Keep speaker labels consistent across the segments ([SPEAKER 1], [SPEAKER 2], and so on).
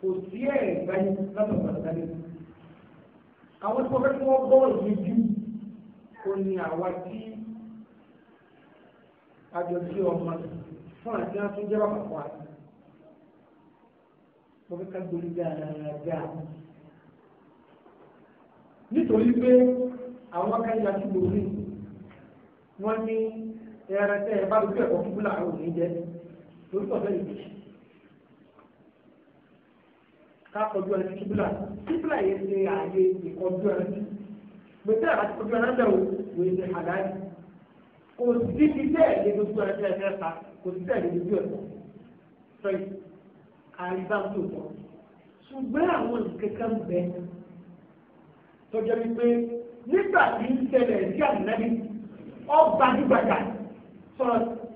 [SPEAKER 1] kò sí ẹ̀ báyìí lọ́dọ̀ pàtàkì. àwọn tí wọ́n fẹ́ kí wọ́n bọ́ ìlú jù ó ní àwa tí àjọṣe ọmọ fún àti àtún jẹ́ bàbá wa. mo fẹ́ ká gbóni dáadáa. nítorí pé àwọn akáyà ti lòrí wọ́n ní ẹ̀rẹ́tẹ̀ bá lójú ẹ̀kọ́ fúnfún làwọn ò ní jẹ́ lórí ọ̀fẹ́ ìgbésí kakọjú ẹni kíbla kíbla yẹn ṣe ààyè ìkọjú ẹni gbèsè àti kọjú ẹni ẹgbẹ wo ẹni àdáyé kò sí ti tẹ ẹyẹ dojú ẹni ẹgbẹ ẹta kò sí tẹ ẹyẹ dojú ẹtọ sọyìn àríbá tó tọ ṣùgbọ́n àwọn kẹkẹ ń bẹ tọjọ wípé nígbà tí ń ṣẹlẹ̀ sí àmì náà ọgbà nígbàgbà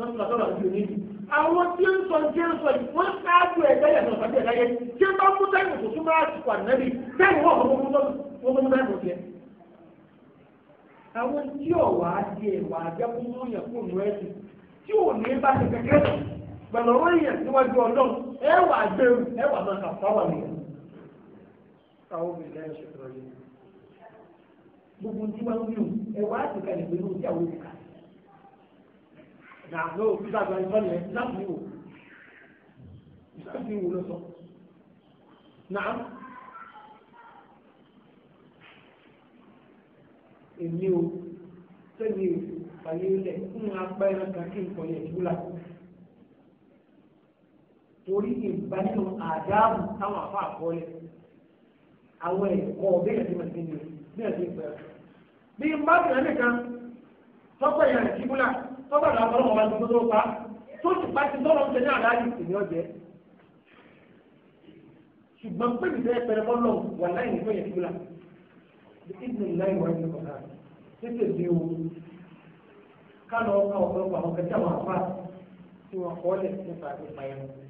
[SPEAKER 1] wọ́n àwọn tí ń sọ tí ń sọ yìí wọ́n ṣáájú ẹ̀gbẹ́ yẹn lọ sọ́dọ̀ ẹ̀dá yẹn tí ń bá mú táìmù tó súnmọ́ àsìkò ànábì táìmù wọ́n kọ́ mú táìmù tiẹ̀. àwọn tí ò di ẹ̀wà àjẹkùnmú yẹn kó nù ẹ̀sìn tí ò ní bá ti kẹ́kẹ́ pẹ̀lú ọ̀rọ̀ yẹn níwájú ọlọ́run ẹ̀wà àgbẹ̀rù ẹ̀wà máa kà fáwọn nìyẹn. àwọn Nà ló bí sàgbà ìfọ́ ni ẹ̀ láti wò. Ìsáàbí wò ló sọ. Nà èmi o sẹ́ni o fàyè lẹ̀ fún apá ẹran kan kí n kọ̀ yẹn ìwúlà. Torí ìgbà nínú àdáàbò táwọn àfa àkọọ́lẹ̀ àwọn ẹ̀kọ́ bẹ́ẹ̀ ti máa ń gbé ní ẹ̀ bí ẹ̀ ti ń pẹ̀lú. Bí n bá bẹ̀rẹ̀ nìkan, tọ́pọ̀ ìyàrá ìdíbúlà tọ́gbà náà tọ́lọ́mọ bá ti tó tó pa tó ti pa ti tọ́lọ́ ṣe ní àdáyé ìní ọ̀jẹ́ ṣùgbọ́n pé ìfẹ́ pẹ̀lẹ́ bọ́lọ̀ wà láì nígbà yẹn fúlà ìdílé láì wà ní kọ̀ọ̀kan tètè dé o ká lọ ká ọ̀pọ̀lọpọ̀ àwọn kẹtẹ́ àwọn àfáà tí wọ́n kọ́ lẹ̀ nípa ìpayà wọn.